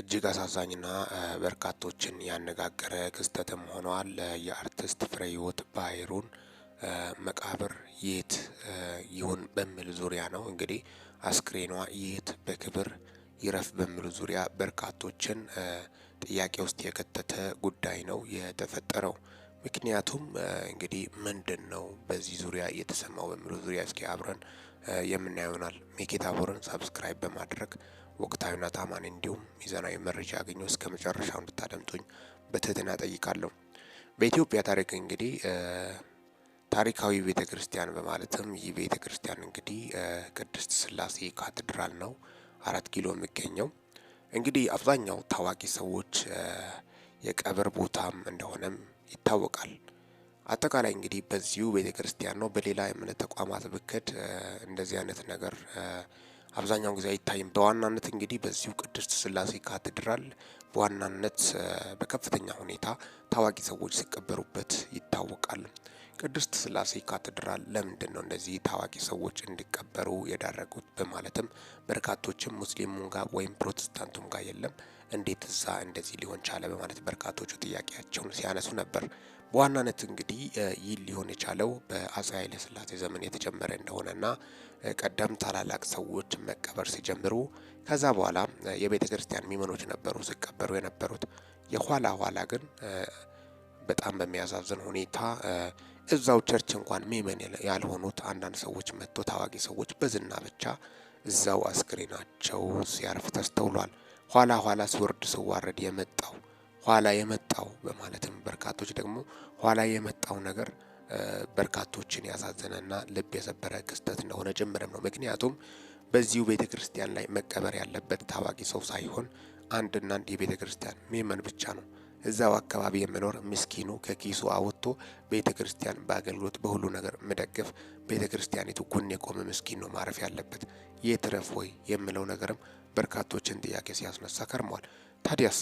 እጅግ አሳዛኝና በርካቶችን ያነጋገረ ክስተትም ሆኗል። የአርቲስት ፍሬህይወት ባህሩን መቃብር የት ይሁን በሚል ዙሪያ ነው እንግዲህ አስክሬኗ የት በክብር ይረፍ በሚል ዙሪያ በርካቶችን ጥያቄ ውስጥ የከተተ ጉዳይ ነው የተፈጠረው። ምክንያቱም እንግዲህ ምንድን ነው በዚህ ዙሪያ እየተሰማው በሚሉ ዙሪያ እስኪ አብረን የምናየው ሜኬታ ቦርን ሳብስክራይብ በማድረግ ወቅታዊና ታማኔ እንዲሁም ሚዛናዊ መረጃ ያገኘው እስከ መጨረሻው እንድታደምጡኝ በትህትና ጠይቃለሁ። በኢትዮጵያ ታሪክ እንግዲህ ታሪካዊ ቤተ ክርስቲያን በማለትም ይህ ቤተ ክርስቲያን እንግዲህ ቅድስት ስላሴ ካቴድራል ነው፣ አራት ኪሎ የሚገኘው እንግዲህ አብዛኛው ታዋቂ ሰዎች የቀብር ቦታም እንደሆነም ይታወቃል። አጠቃላይ እንግዲህ በዚሁ ቤተ ክርስቲያን ነው። በሌላ የእምነት ተቋማት ብክድ እንደዚህ አይነት ነገር አብዛኛውን ጊዜ አይታይም። በዋናነት እንግዲህ በዚሁ ቅድስት ስላሴ ካቴድራል በዋናነት በከፍተኛ ሁኔታ ታዋቂ ሰዎች ሲቀበሩበት ይታወቃል። ቅድስት ስላሴ ካቴድራል ለምንድን ነው እንደዚህ ታዋቂ ሰዎች እንዲቀበሩ የዳረጉት? በማለትም በርካቶችም ሙስሊሙም ጋር ወይም ፕሮቴስታንቱም ጋር የለም እንዴት እዛ እንደዚህ ሊሆን ቻለ? በማለት በርካቶቹ ጥያቄያቸውን ሲያነሱ ነበር። በዋናነት እንግዲህ ይህ ሊሆን የቻለው በአጼ ኃይለ ሥላሴ ዘመን የተጀመረ እንደሆነና ቀደም ታላላቅ ሰዎች መቀበር ሲጀምሩ ከዛ በኋላ የቤተ ክርስቲያን ሚመኖች ነበሩ ሲቀበሩ የነበሩት። የኋላ ኋላ ግን በጣም በሚያሳዝን ሁኔታ እዛው ቸርች እንኳን ሚመን ያልሆኑት አንዳንድ ሰዎች መጥቶ ታዋቂ ሰዎች በዝና ብቻ እዛው አስክሬናቸው ሲያርፍ ተስተውሏል። ኋላ ኋላ ሲወርድ ሲዋረድ የመጣው ኋላ የመጣው በማለትም በርካቶች ደግሞ ኋላ የመጣው ነገር በርካቶችን ያሳዘነና ልብ የሰበረ ክስተት እንደሆነ ጭምርም ነው። ምክንያቱም በዚሁ ቤተ ክርስቲያን ላይ መቀበር ያለበት ታዋቂ ሰው ሳይሆን አንድና አንድ የቤተ ክርስቲያን ምእመን ብቻ ነው። እዛው አካባቢ የምኖር ምስኪኑ ከኪሱ አወጥቶ ቤተ ክርስቲያን በአገልግሎት በሁሉ ነገር ምደግፍ ቤተ ክርስቲያኒቱ ጎን የቆመ ምስኪን ነው ማረፍ ያለበት። የትረፍ ወይ የምለው ነገርም በርካቶችን ጥያቄ ሲያስነሳ ከርሟል። ታዲያስ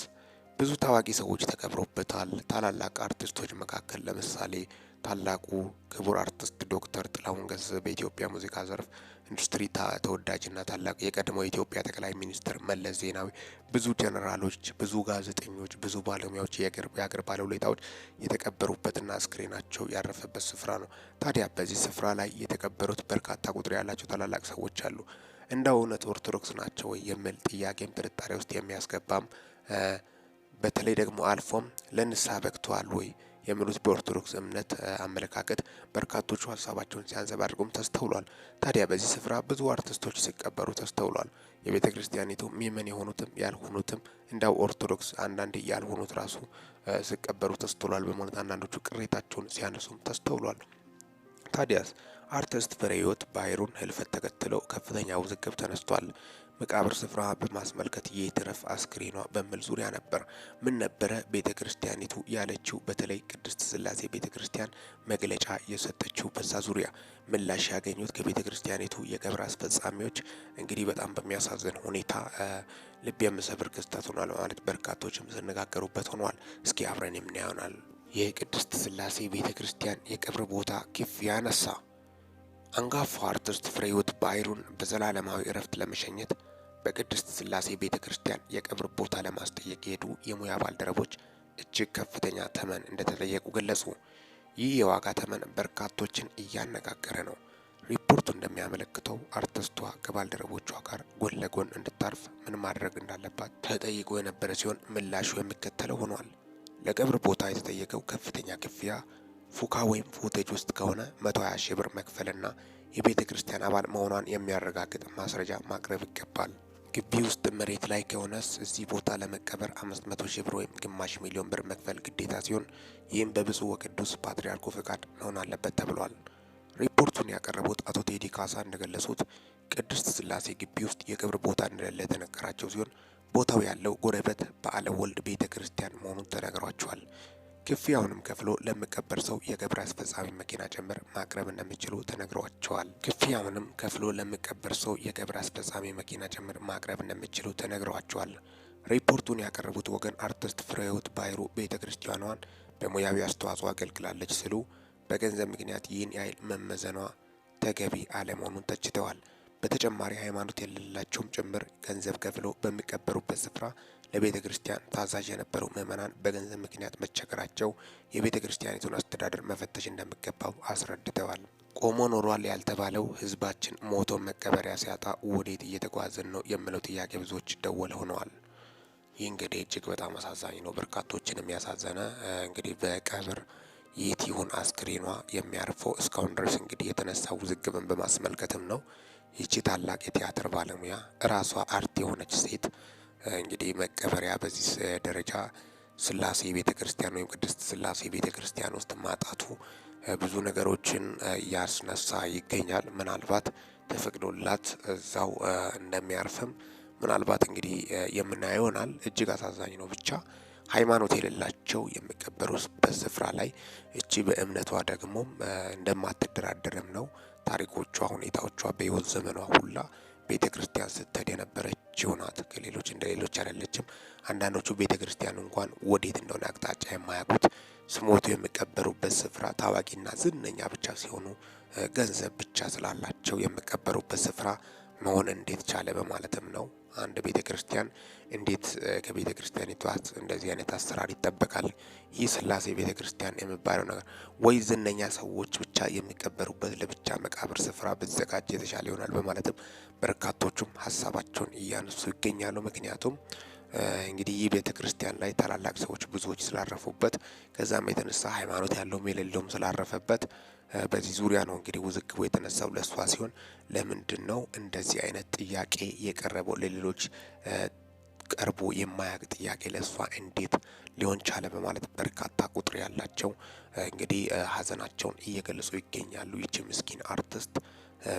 ብዙ ታዋቂ ሰዎች ተቀብሮበታል። ታላላቅ አርቲስቶች መካከል ለምሳሌ ታላቁ ክቡር አርቲስት ዶክተር ጥላሁን ገሰሰ በኢትዮጵያ ሙዚቃ ዘርፍ ኢንዱስትሪ ተወዳጅና ታላቅ የቀድሞው የኢትዮጵያ ጠቅላይ ሚኒስትር መለስ ዜናዊ፣ ብዙ ጀነራሎች፣ ብዙ ጋዜጠኞች፣ ብዙ ባለሙያዎች፣ የአገር ባለውለታዎች የተቀበሩበትና አስክሬናቸው ያረፈበት ስፍራ ነው። ታዲያ በዚህ ስፍራ ላይ የተቀበሩት በርካታ ቁጥር ያላቸው ታላላቅ ሰዎች አሉ። እንደ እውነት ኦርቶዶክስ ናቸው ወይ የሚል ጥያቄም ጥርጣሬ ውስጥ የሚያስገባም በተለይ ደግሞ አልፎም ለንስሐ በቅተዋል ወይ የሚሉት በኦርቶዶክስ እምነት አመለካከት በርካቶቹ ሀሳባቸውን ሲያንጸባርቁም ተስተውሏል። ታዲያ በዚህ ስፍራ ብዙ አርቲስቶች ሲቀበሩ ተስተውሏል። የቤተ ክርስቲያኒቱ ሚመን የሆኑትም ያልሆኑትም እንዳው ኦርቶዶክስ አንዳንድ ያልሆኑት ራሱ ሲቀበሩ ተስተውሏል በማለት አንዳንዶቹ ቅሬታቸውን ሲያነሱም ተስተውሏል። ታዲያስ አርቲስት ፍሬህይወት ባህሩን ህልፈት ተከትለው ከፍተኛ ውዝግብ ተነስቷል። መቃብር ስፍራ በማስመልከት የትረፍ አስክሬኗ በሚል ዙሪያ ነበር። ምን ነበረ ቤተ ክርስቲያኒቱ ያለችው? በተለይ ቅድስት ስላሴ ቤተ ክርስቲያን መግለጫ የሰጠችው በዛ ዙሪያ ምላሽ ያገኙት ከቤተ ክርስቲያኒቱ የቀብር አስፈጻሚዎች እንግዲህ በጣም በሚያሳዝን ሁኔታ ልብ የምሰብር ክስተት ሆኗል በማለት በርካቶችም ሲነጋገሩበት ሆኗል። እስኪ አብረን የምናየው ይሆናል። የቅድስት ስላሴ ቤተ ክርስቲያን የቀብር ቦታ ክፍያ አነሳ። አንጋፋው አርቲስት ፍሬህይወት ባህሩን በዘላለማዊ እረፍት ለመሸኘት በቅድስት ሥላሴ ቤተ ክርስቲያን የቀብር ቦታ ለማስጠየቅ የሄዱ የሙያ ባልደረቦች እጅግ ከፍተኛ ተመን እንደተጠየቁ ገለጹ። ይህ የዋጋ ተመን በርካቶችን እያነጋገረ ነው። ሪፖርቱ እንደሚያመለክተው አርቲስቷ ከባልደረቦቿ ጋር ጎን ለጎን እንድታርፍ ምን ማድረግ እንዳለባት ተጠይቆ የነበረ ሲሆን ምላሹ የሚከተለው ሆኗል። ለቀብር ቦታ የተጠየቀው ከፍተኛ ክፍያ ፉካ ወይም ፉቴጅ ውስጥ ከሆነ 120 ሺህ ብር መክፈልና የቤተ ክርስቲያን አባል መሆኗን የሚያረጋግጥ ማስረጃ ማቅረብ ይገባል። ግቢ ውስጥ መሬት ላይ ከሆነስ እዚህ ቦታ ለመቀበር 500 ሺህ ብር ወይም ግማሽ ሚሊዮን ብር መክፈል ግዴታ ሲሆን ይህም በብፁዕ ወቅዱስ ፓትርያርኩ ፍቃድ መሆን አለበት ተብሏል። ሪፖርቱን ያቀረቡት አቶ ቴዲ ካሳ እንደገለጹት ቅድስት ስላሴ ግቢ ውስጥ የቅብር ቦታ እንደሌለ የተነገራቸው ሲሆን ቦታው ያለው ጎረበት በዓለ ወልድ ቤተ ክርስቲያን መሆኑን ተነግሯቸዋል። ክፍያውንም ከፍሎ ለሚቀበር ሰው የግብር አስፈጻሚ መኪና ጭምር ማቅረብ እንደሚችሉ ተነግሯቸዋል። ክፍያውንም ከፍሎ ለሚቀበር ሰው የግብር አስፈጻሚ መኪና ጭምር ማቅረብ እንደሚችሉ ተነግሯቸዋል። ሪፖርቱን ያቀረቡት ወገን አርቲስት ፍሬህይወት ባህሩ ቤተ ክርስቲያኗን በሙያዊ አስተዋጽኦ አገልግላለች ሲሉ በገንዘብ ምክንያት ይህን ያህል መመዘኗ ተገቢ አለመሆኑን ተችተዋል። በተጨማሪ ሃይማኖት የሌላቸውም ጭምር ገንዘብ ከፍሎ በሚቀበሩበት ስፍራ ለቤተ ክርስቲያን ታዛዥ የነበሩ ምዕመናን በገንዘብ ምክንያት መቸገራቸው የቤተ ክርስቲያኒቱን አስተዳደር መፈተሽ እንደሚገባው አስረድተዋል። ቆሞ ኖሯል ያልተባለው ህዝባችን ሞቶ መቀበሪያ ሲያጣ ወዴት እየተጓዘን ነው የሚለው ጥያቄ ብዙዎች ደወል ሆነዋል። ይህ እንግዲህ እጅግ በጣም አሳዛኝ ነው፣ በርካቶችን ያሳዘነ እንግዲህ በቀብር የት ይሁን አስክሬኗ የሚያርፈው እስካሁን ድረስ እንግዲህ የተነሳው ውዝግብን በማስመልከትም ነው። ይቺ ታላቅ የቲያትር ባለሙያ እራሷ አርት የሆነች ሴት እንግዲህ መቀበሪያ በዚህ ደረጃ ስላሴ ቤተ ክርስቲያን ወይም ቅድስት ስላሴ ቤተ ክርስቲያን ውስጥ ማጣቱ ብዙ ነገሮችን እያስነሳ ይገኛል። ምናልባት ተፈቅዶላት እዛው እንደሚያርፍም ምናልባት እንግዲህ የምናየው ይሆናል። እጅግ አሳዛኝ ነው። ብቻ ሃይማኖት የሌላቸው የሚቀበሩበት ስፍራ ላይ እቺ በእምነቷ ደግሞ እንደማትደራደርም ነው ታሪኮቿ፣ ሁኔታዎቿ በህይወት ዘመኗ ሁላ ቤተ ክርስቲያን ስትሄድ የነበረችው ናት። ከሌሎች እንደ ሌሎች አይደለችም። አንዳንዶቹ ቤተ ክርስቲያን እንኳን ወዴት እንደሆነ አቅጣጫ የማያውቁት ስሞቱ የሚቀበሩበት ስፍራ ታዋቂና ዝነኛ ብቻ ሲሆኑ ገንዘብ ብቻ ስላላቸው የሚቀበሩበት ስፍራ መሆን እንዴት ቻለ በማለትም ነው። አንድ ቤተ ክርስቲያን እንዴት ከቤተ ክርስቲያኒቷ እንደዚህ አይነት አሰራር ይጠበቃል? ይህ ስላሴ ቤተ ክርስቲያን የሚባለው ነገር ወይ ዝነኛ ሰዎች ብቻ የሚቀበሩበት ለብቻ መቃብር ስፍራ ብዘጋጅ የተሻለ ይሆናል በማለትም በርካቶቹም ሀሳባቸውን እያነሱ ይገኛሉ። ምክንያቱም እንግዲህ ይህ ቤተ ክርስቲያን ላይ ታላላቅ ሰዎች ብዙዎች ስላረፉበት ከዛም የተነሳ ሃይማኖት ያለውም የሌለውም ስላረፈበት በዚህ ዙሪያ ነው እንግዲህ ውዝግቡ የተነሳው ለእሷ ሲሆን ለምንድን ነው እንደዚህ አይነት ጥያቄ የቀረበው ለሌሎች ቀርቦ የማያቅ ጥያቄ ለእሷ እንዴት ሊሆን ቻለ? በማለት በርካታ ቁጥር ያላቸው እንግዲህ ሀዘናቸውን እየገለጹ ይገኛሉ። ይቺ ምስኪን አርቲስት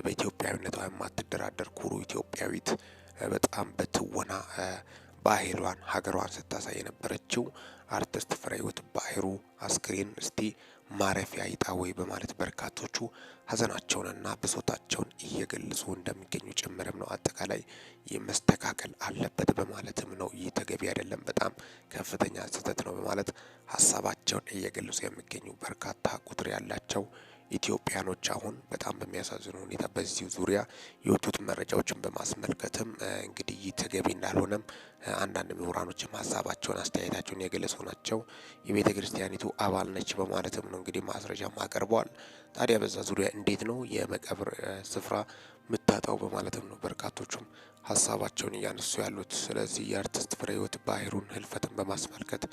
በኢትዮጵያዊነቷ የማትደራደር ኩሩ ኢትዮጵያዊት በጣም በትወና ባህሏን ሀገሯን ስታሳይ የነበረችው አርቲስት ፍሬህይወት ባህሩ አስክሬን እስቲ ማረፊያ ይጣ ወይ በማለት በርካቶቹ ሀዘናቸውንና ብሶታቸውን እየገለጹ እንደሚገኙ ጭምርም ነው። አጠቃላይ መስተካከል አለበት በማለትም ነው። ይህ ተገቢ አይደለም፣ በጣም ከፍተኛ ስህተት ነው በማለት ሀሳባቸውን እየገለጹ የሚገኙ በርካታ ቁጥር ያላቸው ኢትዮጵያኖች አሁን በጣም በሚያሳዝኑ ሁኔታ በዚሁ ዙሪያ የወጡት መረጃዎችን በማስመልከትም እንግዲህ ይህ ተገቢ እንዳልሆነም አንዳንድ ምሁራኖችም ሀሳባቸውን አስተያየታቸውን የገለጹ ናቸው። የቤተ ክርስቲያኒቱ አባል ነች በማለትም ነው እንግዲህ ማስረጃም አቀርበዋል። ታዲያ በዛ ዙሪያ እንዴት ነው የመቀብር ስፍራ ምታጣው በማለትም ነው በርካቶቹም ሀሳባቸውን እያነሱ ያሉት። ስለዚህ የአርቲስት ፍሬህይወት ባህሩን ህልፈትን በማስመልከት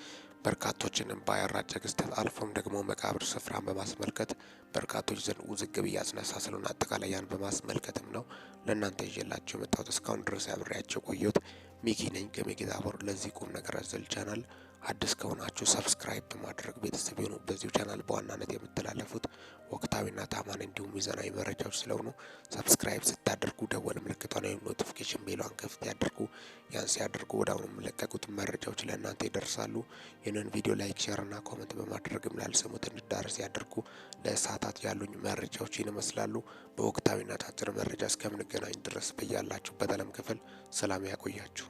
በርካቶችንም ባያራጨ ክስተት አልፎም ደግሞ መቃብር ስፍራን በማስመልከት በርካቶች ዘንድ ውዝግብ እያስነሳ ስለሆነ አጠቃላይ ያን በማስመልከትም ነው ለእናንተ ይዤላቸው የመጣሁት። እስካሁን ድረስ ያብሬያቸው ቆየሁት። ሚኪ ነኝ ከሚኪታ ፎር። ለዚህ ቁም ነገር አዘል ቻናል አዲስ ከሆናችሁ ሰብስክራይብ በማድረግ ቤተሰብ የሆኑ በዚሁ ቻናል በዋናነት የምተላለፉት ወቅታዊና ታማኝ እንዲሁም ሚዛናዊ መረጃዎች ስለሆኑ ሰብስክራይብ ስታደርጉ ደወል ምልክቷን ወይም ኖቲፊኬሽን ቤሏን ክፍት ያደርጉ። ያን ሲያደርጉ ወደ አሁኑ የሚለቀቁት መረጃዎች ለእናንተ ይደርሳሉ። ይህንን ቪዲዮ ላይክ፣ ና ኮመንት በማድረግም ላልሰሙት እንዲዳረስ ያደርጉ። ለሰዓታት ያሉኝ መረጃዎች ይመስላሉ። በወቅታዊና ታጭር መረጃ እስከምንገናኝ ድረስ በያላችሁበት ዓለም ክፍል ሰላም ያቆያችሁ።